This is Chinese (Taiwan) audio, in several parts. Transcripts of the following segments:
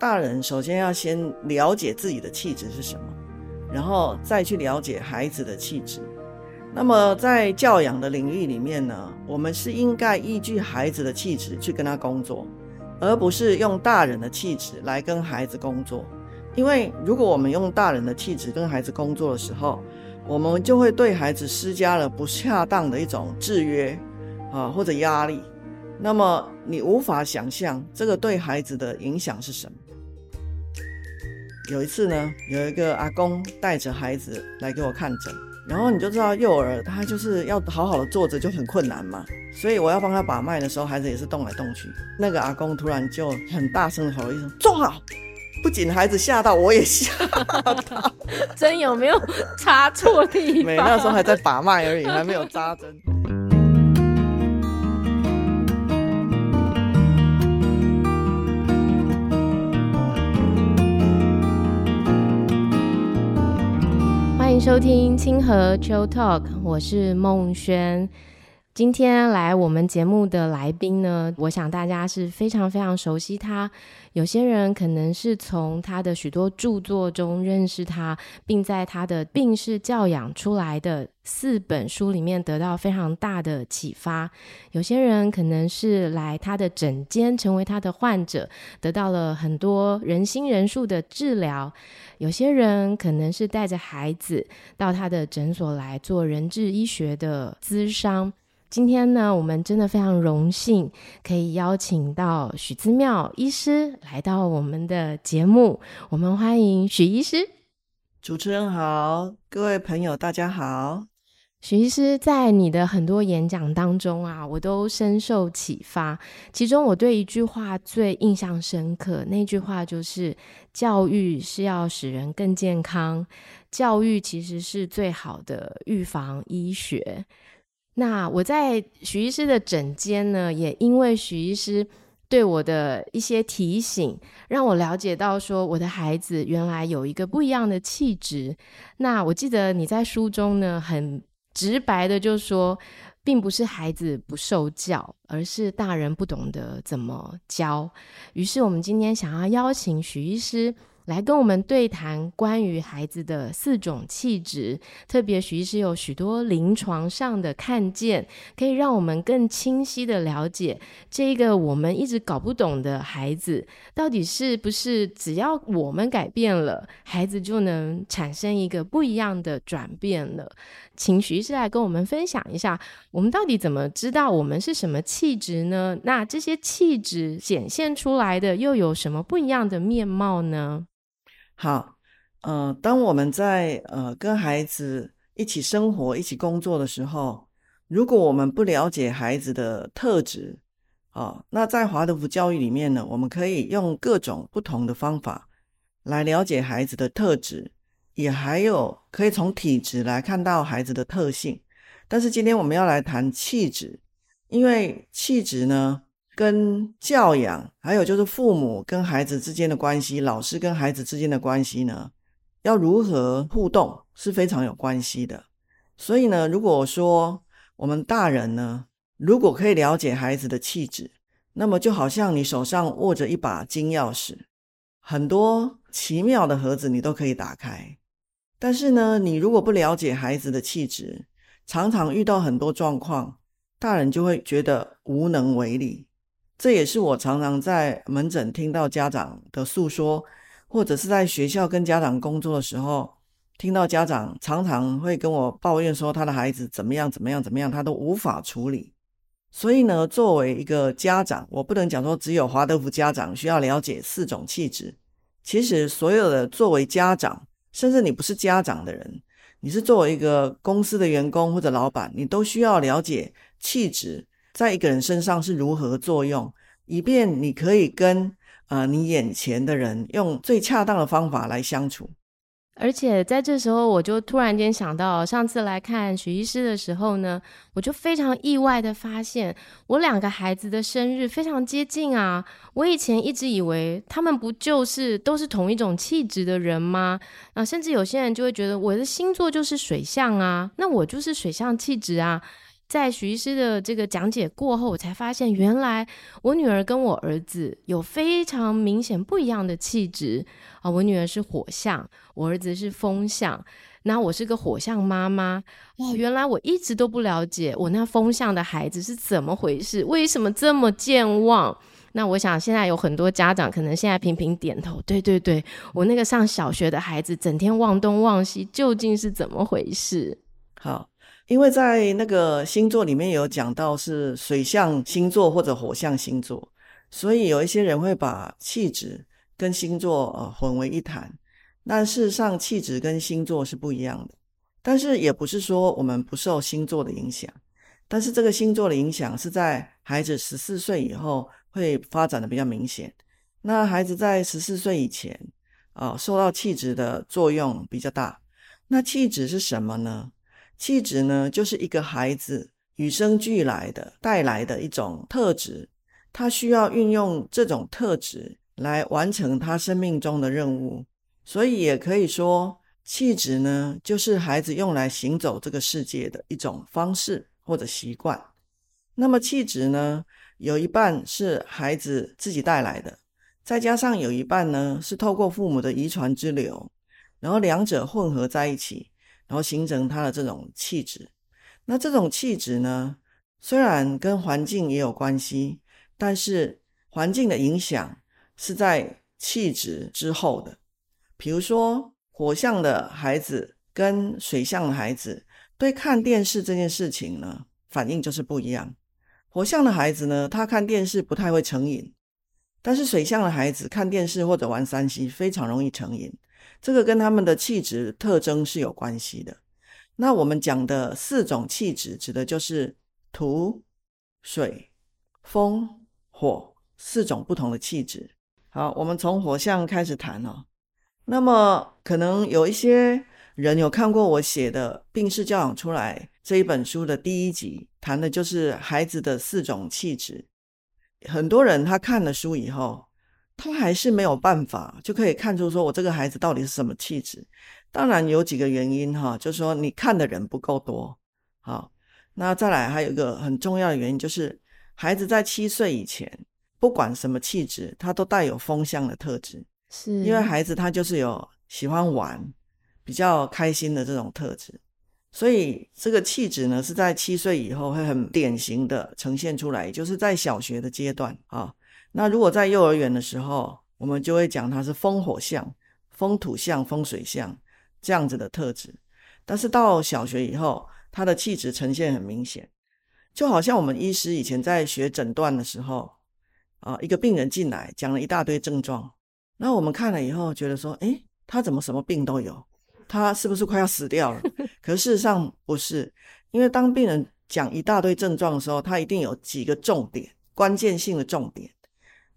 大人首先要先了解自己的氣質是什麼，然後再去了解孩子的氣質。那麼在教養的領域裡面呢，我們是應該依據孩子的氣質去跟他工作，而不是用大人的氣質來跟孩子工作。因為如果我們用大人的氣質跟孩子工作的時候，我們就會對孩子施加了不恰當的一種制約啊，呃，或者壓力。那麼你無法想象這個對孩子的影響是什麼。有一次呢，有一個阿公帶着孩子來給我看診，然後你就知道幼兒他就是要好好的坐着就很困難嘛，所以我要幫他把脈的時候，孩子也是動來動去。那個阿公突然就很大聲的吼了一聲：“坐好！”不僅孩子嚇到，我也嚇到。針 有沒有插錯地方？沒，那時候還在把脈而已，還沒有扎針。收聽清河 Chill Talk，我是孟軒。今天來我們節目的來賓呢，我想大家是非常非常熟悉他。有些人可能是從他的許多著作中認識他，並在他的病是教養出來的四本書裡面得到非常大的啟發。有些人可能是來他的診間成為他的患者，得到了很多仁心仁術的治療。有些人可能是帶着孩子到他的診所來做人智醫學的諮商。今天呢，我們真的非常榮幸可以邀請到許姿妙醫師來到我們的節目。我們歡迎許醫師。主持人好，各位朋友大家好。許醫師在你的很多演講當中啊，我都深受啟發。其中我對一句話最印象深刻，那句話就是：教育是要使人更健康，教育其實是最好的預防醫學。那我在許醫師的診間呢，也因為許醫師對我的一些提醒，讓我了解到說我的孩子原來有一個不一樣的氣質。那我記得你在書中呢，很直白的就說，並不是孩子不受教，而是大人不懂得怎麼教。於是我們今天想要邀請許醫師。來跟我們對談關於孩子的四種氣質，特別許醫師有許多臨床上的看見，可以讓我們更清晰地了解這個我們一直搞不懂的孩子，到底是不是只要我們改變了，孩子就能產生一個不一樣的轉變了？請許醫師來跟我們分享一下，我們到底怎麼知道我們是什麼氣質呢？那這些氣質顯現出來的又有什麼不一樣的面貌呢？好，呃，當我們在呃跟孩子一起生活、一起工作的時候，如果我們不了解孩子的特質，啊、哦，那在華德福教育裡面呢，我們可以用各種不同的方法來了解孩子的特質，也還有可以從體質來看到孩子的特性。但是今天我們要來談氣質，因為氣質呢。跟教養，還有就是父母跟孩子之間的關係，老師跟孩子之間的關係呢，要如何互動是非常有關係的。所以呢，如果說我們大人呢，如果可以了解孩子的氣質，那麼就好像你手上握着一把金鑰匙，很多奇妙的盒子你都可以打開。但是呢，你如果不了解孩子的氣質，常常遇到很多狀況，大人就會覺得無能為力。這也是我常常在門診聽到家長的訴說，或者是在學校跟家長工作的時候，聽到家長常常會跟我抱怨說他的孩子怎麼樣怎麼樣怎麼樣，他都無法處理。所以呢，作為一個家長，我不能講說只有華德福家長需要了解四種氣質。其實所有的作為家長，甚至你不是家長的人，你是作為一個公司的員工或者老闆，你都需要了解氣質，在一個人身上是如何作用，以便你可以跟啊你、呃、你眼前的人用最恰當的方法來相處。而且在這時候，我就突然間想到，上次來看許醫師的時候呢，我就非常意外的發現，我兩個孩子的生日非常接近啊。我以前一直以為他們不就是都是同一種氣質的人嗎？啊，甚至有些人就會覺得我的星座就是水象啊，那我就是水象氣質啊。在許醫師的這個講解過後，我才發現原來我女兒跟我兒子有非常明顯不一樣的氣質啊！我女兒是火相，我兒子是風相。那我是個火相媽媽哦，原來我一直都不了解我那風相的孩子是怎麼回事，為什麼這麼健忘？那我想現在有很多家長可能現在頻頻點頭，對對對，我那個上小學的孩子整天忘東忘西，究竟是怎麼回事？好。因為在那個星座裡面有講到是水象星座或者火象星座，所以有一些人會把氣質跟星座呃混為一談。那事實上，氣質跟星座是不一樣的。但是也不是說我們不受星座的影響，但是這個星座的影響是在孩子十四歲以後會發展的比較明顯。那孩子在十四歲以前，啊、呃，受到氣質的作用比較大。那氣質是什麼呢？氣質呢，就是一個孩子與生俱來的帶來的一種特質，他需要運用這種特質來完成他生命中的任務。所以也可以說，氣質呢，就是孩子用來行走這個世界的一種方式或者習慣。那麼氣質呢，有一半是孩子自己帶來的，再加上有一半呢是透過父母的遺傳之流，然後兩者混合在一起。然後形成他的這種氣質，那這種氣質呢，雖然跟環境也有關係，但是環境的影響是在氣質之後的。比如說，火相的孩子跟水相的孩子對看電視這件事情呢，反應就是不一樣。火相的孩子呢，他看電視不太會成癮，但是水相的孩子看電視或者玩 3C 非常容易成癮。這個跟他們的氣質特徵是有關係的。那我們講的四種氣質，指的就是土、水、風、火四種不同的氣質。好，我們從火相開始談哦。那麼可能有一些人有看過我寫的《病是教養》出來這一本書的第一集，談的就是孩子的四種氣質。很多人他看了書以後，他還是沒有辦法，就可以看出說我這個孩子到底是什麼氣質。當然有幾個原因哈、啊，就是說你看的人不夠多。好、哦，那再來還有一個很重要的原因，就是孩子在七歲以前，不管什麼氣質，他都帶有風相的特質，是因為孩子他就是有喜歡玩、比較開心的這種特質，所以這個氣質呢是在七歲以後會很典型的呈現出來，就是在小學的階段啊。哦那如果在幼兒園的時候，我們就會講它是風火相、風土相、風水相這樣子的特質。但是到小學以後，他的氣質呈現很明顯，就好像我們醫師以前在學診斷的時候，啊，一個病人進來講了一大堆症狀，那我們看了以後覺得說，誒,他怎麼什麼病都有？他是不是快要死掉了？可事實上不是，因為當病人講一大堆症狀的時候，他一定有幾個重點、關鍵性的重點。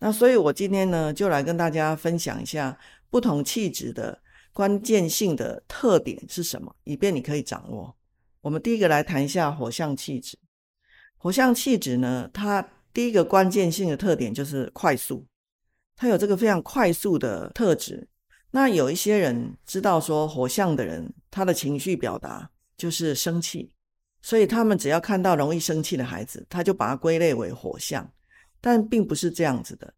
那所以，我今天呢，就來跟大家分享一下不同氣質的關鍵性的特點是什麼，以便你可以掌握。我們第一個來談一下火相氣質。火相氣質呢，它第一個關鍵性的特點就是快速，它有這個非常快速的特質。那有一些人知道說火相的人，他的情緒表達就是生氣，所以他們只要看到容易生氣的孩子，他就把它歸類為火相。但並不是這樣子的，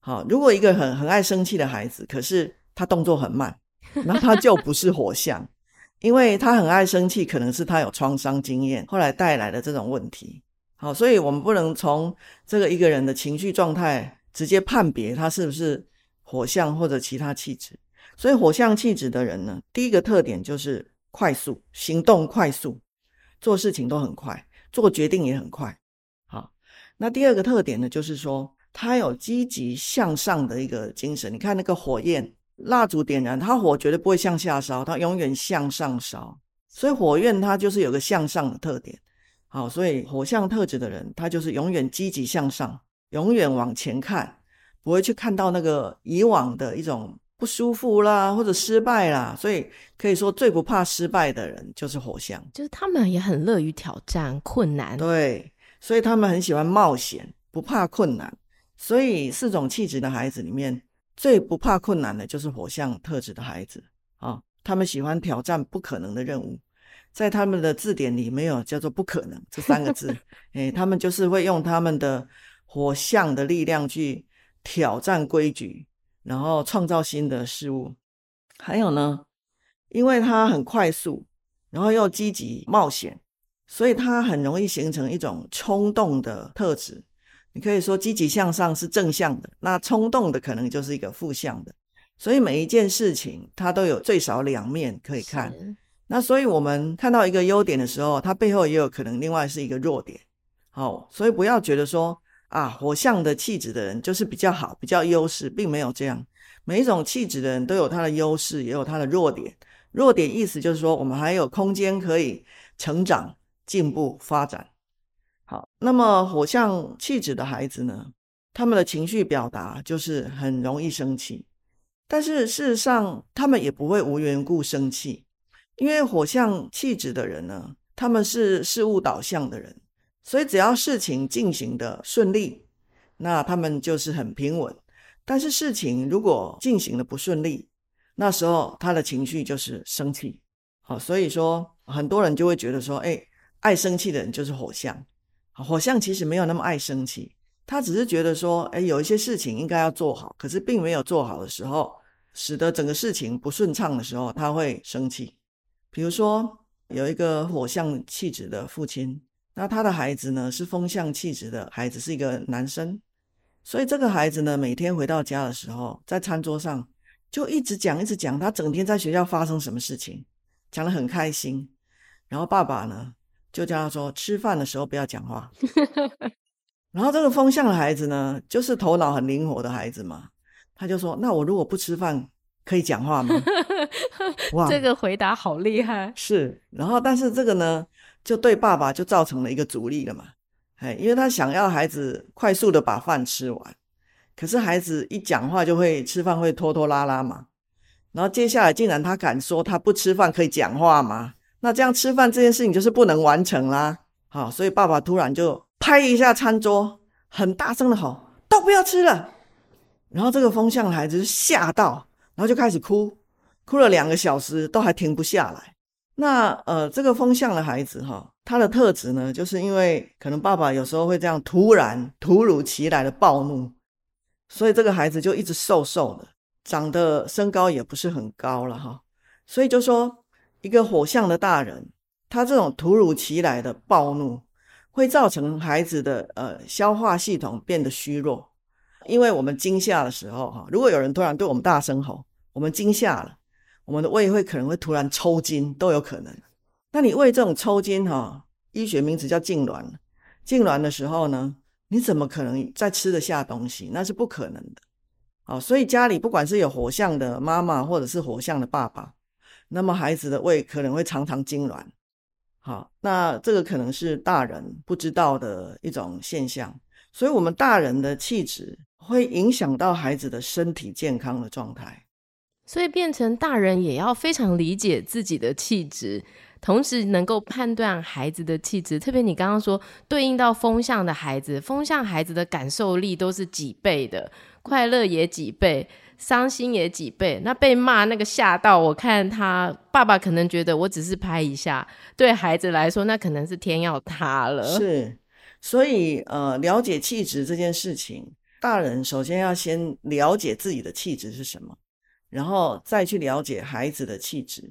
好，如果一個很很愛生氣的孩子，可是他動作很慢，那他就不是火相， 因為他很愛生氣，可能是他有創傷經驗，後來帶來的這種問題。好，所以我們不能從這個一個人的情緒狀態直接判別他是不是火相或者其他氣質。所以火相氣質的人呢，第一個特點就是快速，行動快速，做事情都很快，做決定也很快。那第二個特點呢，就是說他有積極向上的一個精神。你看那個火焰蠟燭點燃，它火絕對不會向下燒，它永遠向上燒。所以火焰它就是有個向上的特點。好，所以火象特質的人，他就是永遠積極向上，永遠往前看，不會去看到那個以往的一種不舒服啦或者失敗啦。所以可以說最不怕失敗的人就是火象，就是他們也很樂於挑戰困難。對。所以他們很喜歡冒險，不怕困難。所以四種氣質的孩子裡面，最不怕困難的就是火象特質的孩子啊、哦。他們喜歡挑戰不可能的任務，在他們的字典裡沒有叫做“不可能”這三個字。哎、 欸，他們就是會用他們的火象的力量去挑戰規矩，然後創造新的事物。還有呢，因為他很快速，然後又積極冒險。所以它很容易形成一種衝動的特質。你可以說積極向上是正向的，那衝動的可能就是一個負向的。所以每一件事情它都有最少兩面可以看。那所以我們看到一個優點的時候，它背後也有可能另外是一個弱點。好，所以不要覺得說啊，火相的氣質的人就是比較好、比較優勢，並沒有這樣。每一種氣質的人都有他的優勢，也有他的弱點。弱點意思就是說，我們還有空間可以成長。進步發展，好。那麼火相氣質的孩子呢？他們的情緒表達就是很容易生氣，但是事實上他們也不會無緣故生氣，因為火相氣質的人呢，他們是事物導向的人，所以只要事情進行得順利，那他們就是很平穩。但是事情如果進行得不順利，那時候他的情緒就是生氣。好，所以說很多人就會覺得說：“哎。”愛生氣的人就是火象。火象其實沒有那麼愛生氣，他只是覺得說，哎，有一些事情應該要做好，可是並沒有做好的時候，使得整個事情不順暢的時候，他會生氣。比如說有一個火象氣質的父親，那他的孩子呢，是風象氣質的孩子，是一個男生，所以這個孩子呢，每天回到家的時候，在餐桌上就一直講一直講，他整天在學校發生什麼事情，講得很開心，然後爸爸呢。就叫他說吃飯的時候不要講話， 然後這個風相的孩子呢，就是頭腦很靈活的孩子嘛，他就說，那我如果不吃飯可以講話嗎？哇 Wow，這個回答好厲害。是，然後但是這個呢，就對爸爸就造成了一個阻力了嘛，哎，因為他想要孩子快速的把飯吃完，可是孩子一講話就會吃飯會拖拖拉拉嘛，然後接下來竟然他敢說他不吃飯可以講話嗎？那這樣吃飯這件事情就是不能完成啦，好，所以爸爸突然就拍一下餐桌，很大聲的吼：“都不要吃了！”然後這個風象的孩子就嚇到，然後就開始哭，哭了兩個小時都還停不下來。那呃，這個風象的孩子哈，他的特質呢，就是因為可能爸爸有時候會這樣突然、突如其來的暴怒，所以這個孩子就一直瘦瘦的，長得身高也不是很高了哈，所以就說。一個火象的大人，他這種突如其來的暴怒，會造成孩子的呃消化系統變得虛弱。因為我們驚嚇的時候，哈，如果有人突然對我們大聲吼，我們驚嚇了，我們的胃會可能會突然抽筋，都有可能。那你胃這種抽筋，哈，醫學名詞叫痙攣。痙攣的時候呢，你怎麼可能再吃得下東西？那是不可能的。好，所以家裡不管是有火象的媽媽，或者是火象的爸爸。那麼孩子的胃可能會常常痙攣，好，那這個可能是大人不知道的一種現象，所以我們大人的氣質會影響到孩子的身體健康的狀態，所以變成大人也要非常理解自己的氣質，同時能夠判斷孩子的氣質，特別你剛剛說對應到風相的孩子，風相孩子的感受力都是幾倍的，快樂也幾倍。傷心也幾倍，那被罵那個嚇到。我看他爸爸可能覺得我只是拍一下，對孩子來說那可能是天要塌了。是，所以呃，了解氣質這件事情，大人首先要先了解自己的氣質是什麼，然後再去了解孩子的氣質。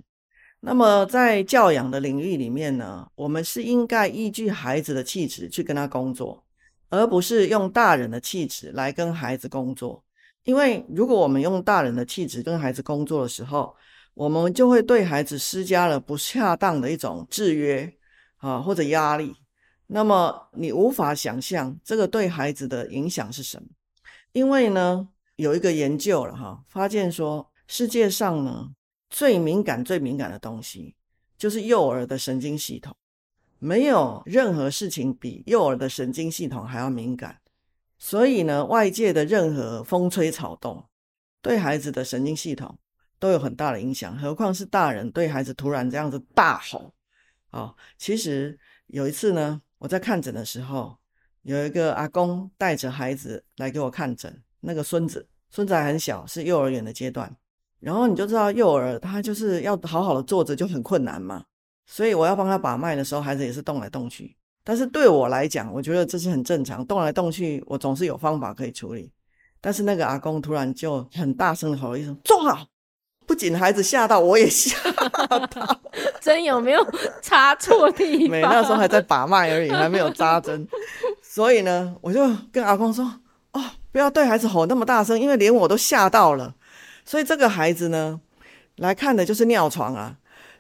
那麼在教養的領域裡面呢，我們是應該依據孩子的氣質去跟他工作，而不是用大人的氣質來跟孩子工作。因為如果我們用大人的氣質跟孩子工作的時候，我們就會對孩子施加了不恰當的一種制約，啊，或者壓力。那麼你無法想象這個對孩子的影響是什麼？因為呢，有一個研究了哈、啊，發現說世界上呢最敏感、最敏感的東西就是幼兒的神經系統，沒有任何事情比幼兒的神經系統還要敏感。所以呢，外界的任何風吹草動，對孩子的神經系統都有很大的影響。何況是大人對孩子突然這樣子大吼。哦，其實有一次呢，我在看診的時候，有一個阿公帶着孩子來給我看診，那個孫子，孫子還很小，是幼兒園的階段。然後你就知道幼兒他就是要好好的坐着就很困難嘛。所以我要幫他把脈的時候，孩子也是動來動去。但是對我來講，我覺得這是很正常，動來動去，我總是有方法可以處理。但是那個阿公突然就很大聲地吼了一聲：“坐好！”不僅孩子嚇到，我也嚇到。針 有沒有插錯地方？沒，那時候還在把脈而已，還沒有扎針。 所以呢，我就跟阿公說：“哦，不要對孩子吼那麼大聲，因為連我都嚇到了。”所以這個孩子呢，來看的就是尿床啊。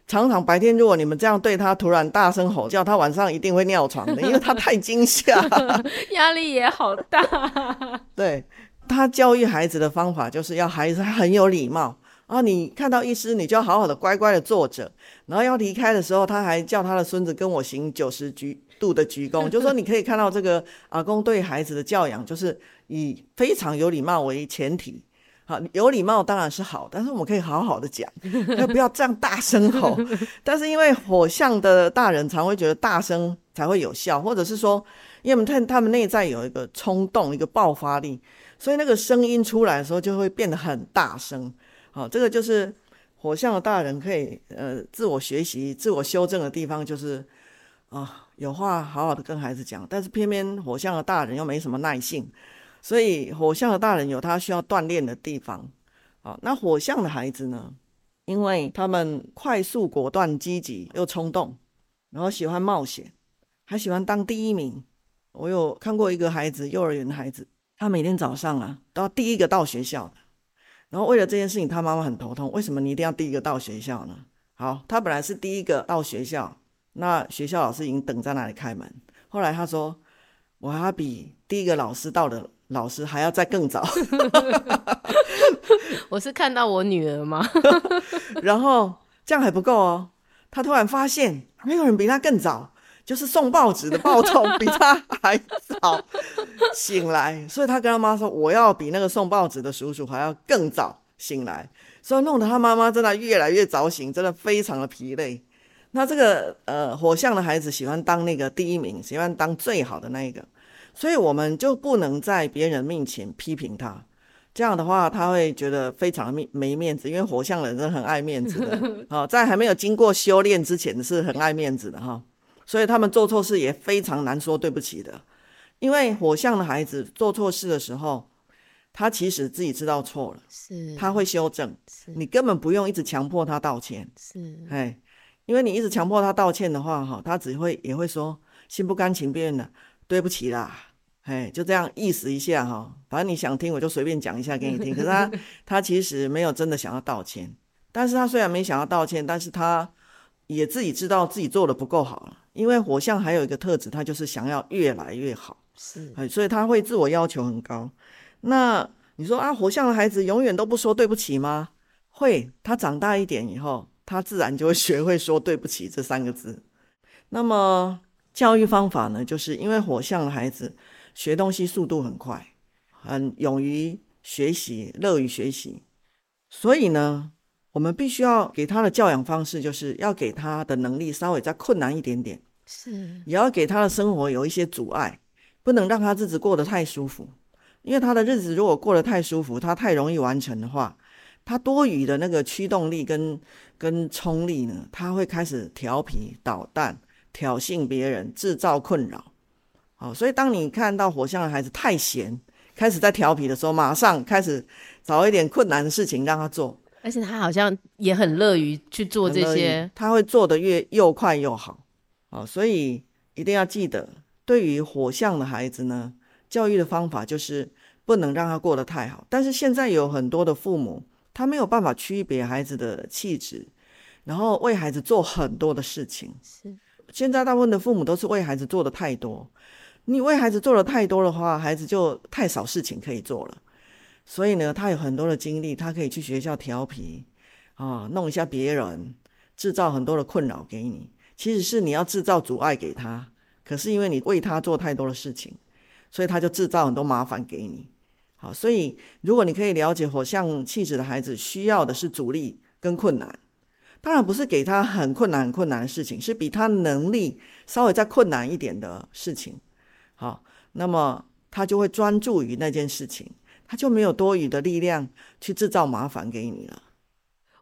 常常白天如果你們這樣對他，突然大聲吼叫，他晚上一定會尿床的，因為他太驚嚇， 壓力也好大啊， 對。對他教育孩子的方法就是要孩子很有禮貌啊，你看到醫師，你就要好好的乖乖的坐着，然後要離開的時候，他還叫他的孫子跟我行九十度的鞠躬， 就說你可以看到這個阿公對孩子的教養，就是以非常有禮貌為前提。好，有禮貌當然是好，但是我們可以好好的講，要不要這樣大聲吼。 但是因為火相的大人常會覺得大聲才會有效，或者是說，因為他們他們內在有一個衝動，一個爆發力，所以那個聲音出來的時候就會變得很大聲。好，這個就是火相的大人可以呃自我學習、自我修正的地方，就是啊、呃，有話好好的跟孩子講，但是偏偏火相的大人又沒什麼耐性。所以火象的大人有他需要鍛鍊的地方，好，那火象的孩子呢？因為他們快速、果斷、積極又衝動，然後喜歡冒險，還喜歡當第一名。我有看過一個孩子，幼兒園孩子，他每天早上啊，都要第一個到學校，然後為了這件事情，他媽媽很頭痛：為什麼你一定要第一個到學校呢？好，他本來是第一個到學校，那學校老師已經等在那裡開門。後來他說：“我還比第一個老師到的。”老師還要再更早 我是看到我女兒嗎？ 然後這樣還不夠哦，他突然發現沒有人比他更早，就是送報紙的報童比他還早醒來，所以他跟他媽說：“我要比那個送報紙的叔叔還要更早醒來。”所以弄得他媽媽真的越來越早醒，真的非常的疲累。那這個呃，火相的孩子喜歡當那個第一名，喜歡當最好的那一個。所以我們就不能在別人面前批評他，這樣的話他會覺得非常面沒面子，因為火象人是很愛面子的。啊、 哦，在還沒有經過修煉之前是很愛面子的哈、哦，所以他們做錯事也非常難說對不起的。因為火象的孩子做錯事的時候，他其實自己知道錯了，是，他會修正，是是你根本不用一直強迫他道歉，是，哎，因為你一直強迫他道歉的話，哈、哦，他只會也會說心不甘情不願的，對不起啦。哎，就這樣意思一下哈、哦，反正你想聽，我就隨便講一下給你聽。可是他他其實沒有真的想要道歉， 但是他雖然沒想要道歉，但是他也自己知道自己做得不夠好。因為火相還有一個特質，他就是想要越來越好，是，所以他會自我要求很高。那你說啊，火相的孩子永遠都不說對不起嗎？會，他長大一點以後，他自然就會學會說對不起這三個字。那麼教育方法呢，就是因為火相的孩子。學東西速度很快，很勇於學習，樂於學習。所以呢，我們必須要給他的教養方式，就是要給他的能力稍微再困難一點點，是。也要給他的生活有一些阻礙，不能讓他日子過得太舒服。因為他的日子如果過得太舒服，他太容易完成的話，他多餘的那個驅動力跟跟衝力呢，他會開始調皮搗蛋，挑釁別人，製造困擾。哦，所以當你看到火象的孩子太閒，開始在調皮的時候，馬上開始找一點困難的事情讓他做，而且他好像也很樂於去做這些，他會做得越又快又好，哦。所以一定要記得，對於火象的孩子呢，教育的方法就是不能讓他過得太好。但是現在有很多的父母，他沒有辦法區別孩子的氣質，然後為孩子做很多的事情。是，現在大部分的父母都是為孩子做得太多。你為孩子做了太多的話，孩子就太少事情可以做了。所以呢，他有很多的精力，他可以去學校調皮，啊、哦，弄一下別人，製造很多的困擾給你。其實是你要製造阻礙給他，可是因為你為他做太多的事情，所以他就製造很多麻煩給你。好，所以如果你可以了解火相氣質的孩子需要的是阻力跟困難，當然不是給他很困難、很困難的事情，是比他能力稍微再困難一點的事情。好，那麼他就會專注於那件事情，他就沒有多餘的力量去制造麻煩給你了。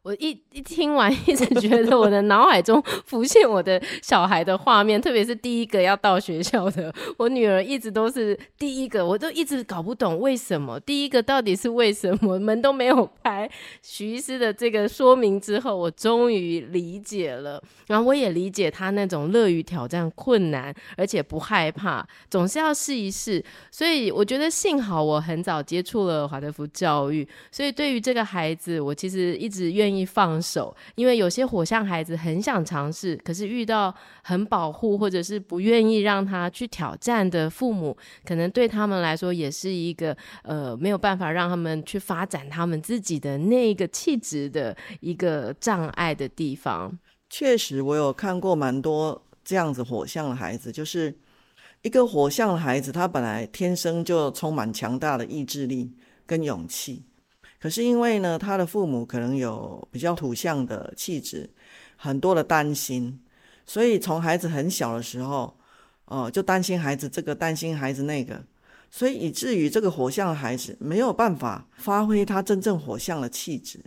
我一一聽完，一直覺得我的腦海中浮現我的小孩的畫面， 特別是第一個要到學校的我女兒，一直都是第一個，我都一直搞不懂為什麼第一個到底是為什麼。門都沒有開，許醫師的這個說明之後，我終於理解了。然後我也理解他那種樂於挑戰困難，而且不害怕，總是要試一試。所以我覺得幸好我很早接觸了華德福教育，所以對於這個孩子，我其實一直願意。一放手。因為有些火象孩子很想嘗試，可是遇到很保護或者是不願意讓他去挑戰的父母，可能對他們來說也是一個呃，沒有辦法讓他們去發展他們自己的那個氣質的一個障礙的地方。確實，我有看過蠻多這樣子火象的孩子，就是一個火象的孩子，他本來天生就充滿強大的意志力跟勇氣。可是因為呢，他的父母可能有比較土象的氣質，很多的擔心，所以從孩子很小的時候，哦、呃，就擔心孩子這個，擔心孩子那個，所以以至於這個火象的孩子沒有辦法發揮他真正火象的氣質。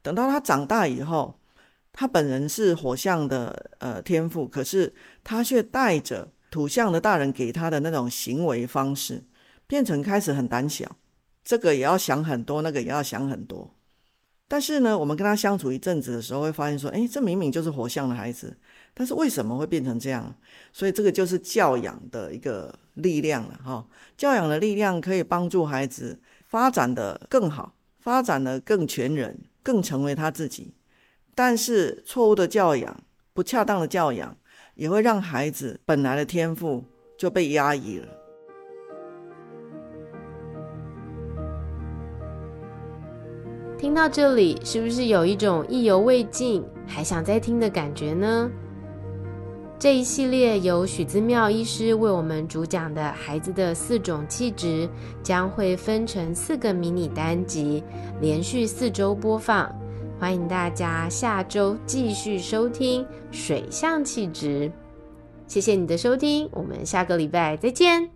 等到他長大以後，他本人是火象的呃天賦，可是他卻帶着土象的大人給他的那種行為方式，變成開始很膽小。這個也要想很多，那個也要想很多。但是呢，我們跟他相處一陣子的時候，會發現說，誒，這明明就是火相的孩子，但是為什麼會變成這樣？所以這個就是教養的一個力量了，哈。教養的力量可以幫助孩子發展得更好，發展得更全人，更成為他自己。但是錯誤的教養、不恰當的教養，也會讓孩子本來的天賦就被壓抑了。聽到這裡，是不是有一種意猶未盡、還想再聽的感覺呢？這一系列由許姿妙醫師為我們主講的《孩子的四種氣質》，將會分成四個迷你單集，連續四周播放。歡迎大家下周繼續收聽《水象氣質》。謝謝你的收聽，我們下個禮拜再見。